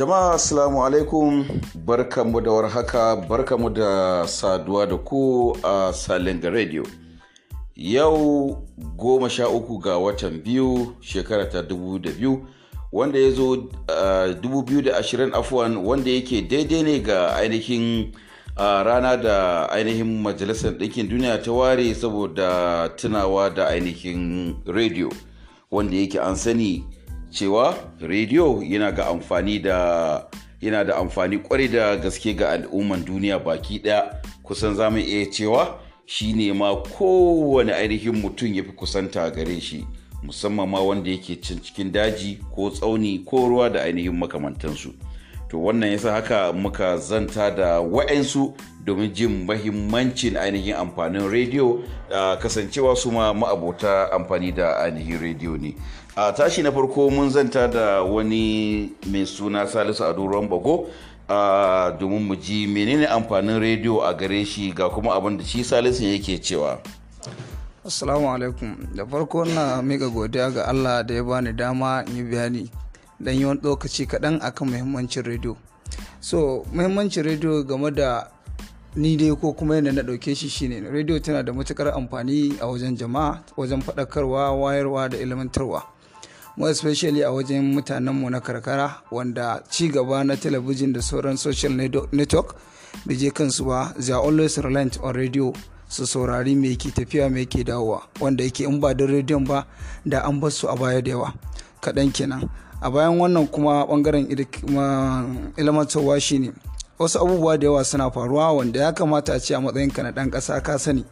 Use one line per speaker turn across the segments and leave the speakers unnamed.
jama'a assalamu alaikum barkanmu da warhaka mu da saduwa da ku a salinga radio yau goma sha uku ga watan biyu shekara ta dubu da biyu wanda ya zo dubu biyu da ashirin afuwan wanda yake daidai ne ga ainihin rana da ainihin majalisar ɗinkin duniya ta ware saboda tunawa da ainihin radio wanda yake an sani cewa rediyo yana ga amfani da yana da amfani kwarai da gaske ga al'umman duniya baki daya kusan za mu iya cewa shi ne ma kowane ainihin mutum ya fi kusanta gare shi musamman ma wanda yake cikin daji ko tsauni ko ruwa da ainihin makamantansu. to wannan yasa haka muka zanta da wa'ansu domin jin mahimmancin ainihin amfanin rediyo a kasancewa su ma ma'abota amfani da ainihin rediyo ne a tashi na farko mun zanta da wani mai suna salisu ado bago domin mu ji menene amfanin rediyo a gare shi ga kuma abin da shi salisu yake cewa
assalamu alaikum da farko na mika godiya ga allah da ya bani dama in yi bayani dan yi wani lokaci kaɗan akan muhimmancin rediyo so muhimmancin rediyo game da ni dai ko kuma yadda na ɗauke shi shine rediyo tana da matukar amfani a wajen jama'a wajen faɗakarwa wayarwa da ilmantarwa mu especially a wajen mutanenmu na karkara wanda ci gaba na talabijin da sauran social network da je kansu ba they are always reliant on radio su saurari me ke tafiya me ke dawowa wanda yake in ba don rediyon ba da an bar su a baya da yawa kaɗan kenan a bayan wannan kuma bangaren ilmantarwa shine wasu abubuwa da yawa suna faruwa wanda ya kamata a ce a matsayinka na ɗan ƙasa ka sani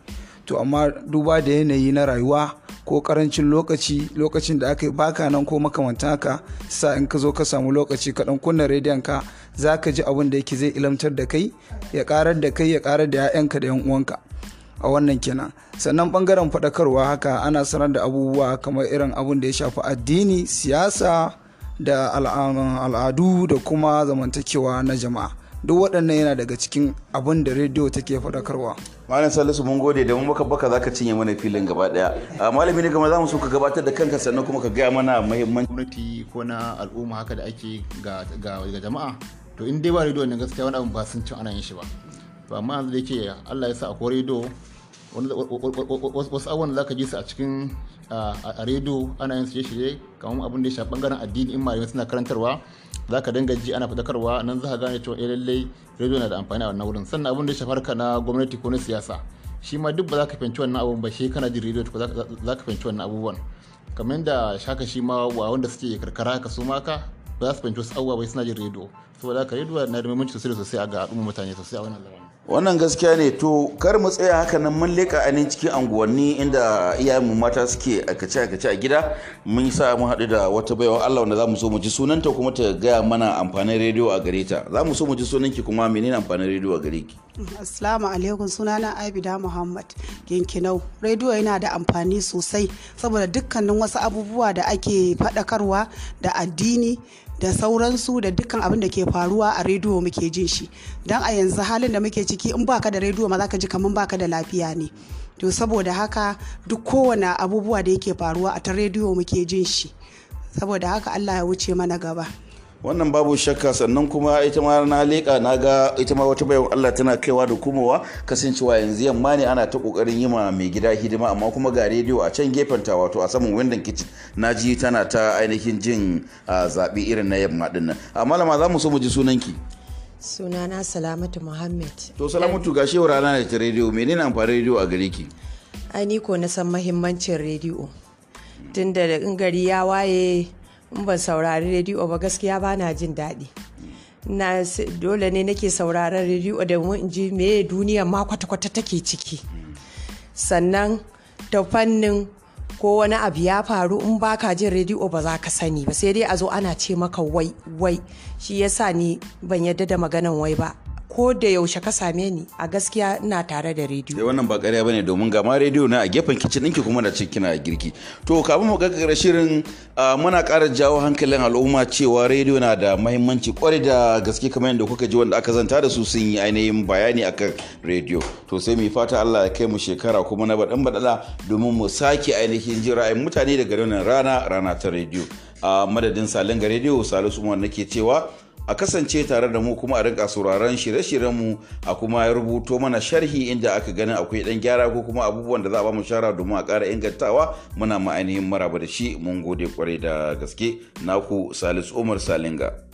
to amma duba da yanayi na rayuwa ko karancin lokaci lokacin da aka baka nan ko makamantan haka sa in ka zo ka samu lokaci ka dan kunna rediyon ka za ka ji abin da yake zai ilmantar da kai ya karar da kai ya karar da 'ya'yanka da 'yan uwanka a wannan kenan sannan bangaren faɗakarwa haka ana sanar da abubuwa kamar irin abin da ya shafi addini siyasa da al'adu da kuma zamantakewa na jama'a duk waɗannan yana daga cikin abin da rediyo take faɗakarwa
malam salisu mun gode da mun baka baka zaka cinye mana filin gaba daya malami ne gama za mu so ka gabatar da kanka sannan kuma ka gaya mana muhimmanci
gwamnati ko na al'umma haka da ake ga jama'a to in dai ba rediyo ne gaskiya wani abu ba sun cin ana yin shi ba to amma yanzu da yake Allah ya sa akwai rediyo wasu awon za ka ji su a cikin a rediyo ana yin shirye-shirye kamar abin da ya shafi bangaren addini in malamai suna karantarwa za ka dinga ji ana fadakarwa nan za ka gane cewa eh, lallai rediyo na da amfani a wannan wurin sannan abin da ya shafi harka na gwamnati ko na siyasa shi ma duk ba za ka fahimci wannan abubuwan ba shi kana jin rediyo za ka fahimci wannan abubuwan kamar yadda shaka shi ma wa wanda suke karkara ka su maka ba za su fahimci wasu abubuwa bai suna jin rediyo saboda haka rediyo na da muhimmanci sosai da sosai a ga al'umma mutane sosai a wannan zamanin.
wannan gaskiya ne to kar mu tsaya haka nan mun leka ainihin cikin anguwanni inda iyayenmu mata suke aikace aikace a gida mun sa mu haɗu da wata baiwa Allah wanda zamu so mu ji sunanta kuma ta gaya mana amfanin rediyo a gare ta zamu so mu ji sunanki kuma menene amfanin rediyo a gare ki
assalamu alaikum sunana Abida Muhammad Ginkinau rediyo yana da amfani sosai saboda dukkanin wasu abubuwa da ake faɗakarwa da addini da sauransu da dukkan abin da ke faruwa a rediyo muke jin shi don a yanzu halin da muke ciki in baka da rediyo ma zaka ji kamar baka da lafiya ne to saboda haka duk kowane abubuwa da yake faruwa a ta rediyo muke jin shi saboda haka Allah ya wuce mana gaba
wannan babu shakka sannan kuma ita ma na leƙa na ga ita ma wata bayan Allah tana kaiwa da kumowa kasancewa yanzu yamma ne ana ta kokarin yi ma mai gida hidima amma kuma ga rediyo a can gefen ta wato a saman windon kitchen na ji tana ta ainihin jin zaɓi irin na yamma din nan za mu so mu ji sunan ki
sunana salamatu muhammad
to salamatu gashi wa rana ne ta rediyo menene amfani rediyo a gare ki
ai ni ko na san muhimmancin rediyo tun da in gari ya waye in ban saurari rediyo ba gaskiya ba na jin daɗi na dole ne nake sauraron rediyo da in ji me duniya ma kwata-kwata take ciki sannan ta fannin ko wani abu ya faru in ba ka jin rediyo ba za ka sani ba sai dai a zo ana ce maka wai wai shi yasa ni ban yadda da maganan wai ba ko da yaushe ka same ni a gaskiya ina tare da rediyo.
Eh, wannan ba ƙarya bane domin ga ma rediyo na a gefen kicin ɗinki kuma da cikin kina girki. To kafin mu ga shirin muna ƙara jawo hankalin al'umma cewa rediyo na da mahimmanci kwarai da gaske kamar yadda kuka ji wanda aka zanta da su sun yi ainihin bayani akan rediyo. To sai mu fata Allah ya kai mu shekara kuma na baɗan baɗala domin mu sake ainihin jin ra'ayin mutane daga wannan rana rana ta rediyo. A madadin salin ga rediyo Salisu Umar nake cewa a kasance tare da mu kuma a rinka sauraron shirye-shiryenmu a kuma ya rubuto mana sharhi inda aka ganin akwai dan gyara ko kuma abubuwan da za a ba mu shara domin a kara ingantawa muna ma ainihin maraba da shi mun gode kwarai da gaske naku salisu umar salinga